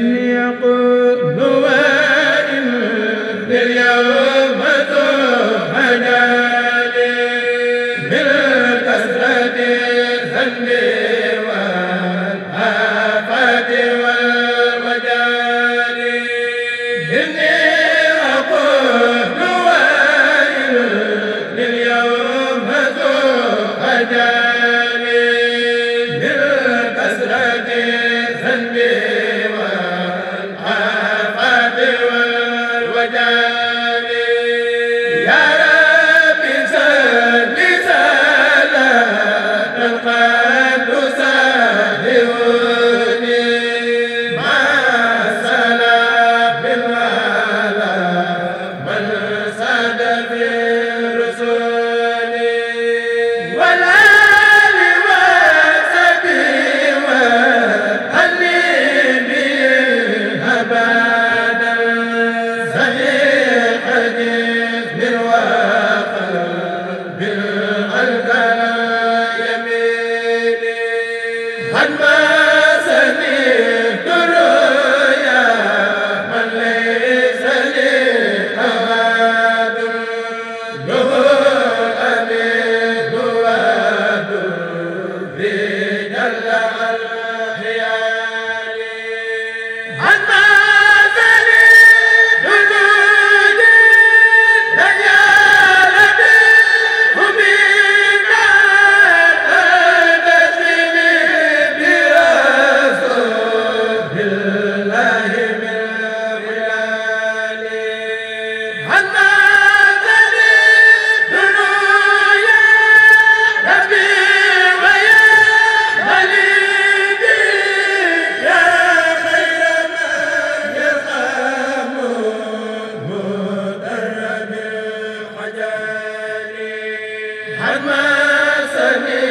يقول Amen. ma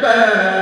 bay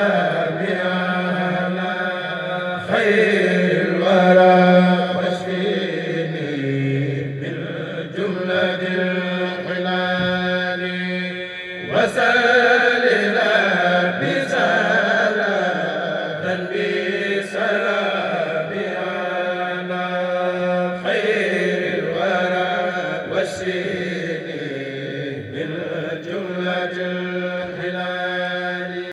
sala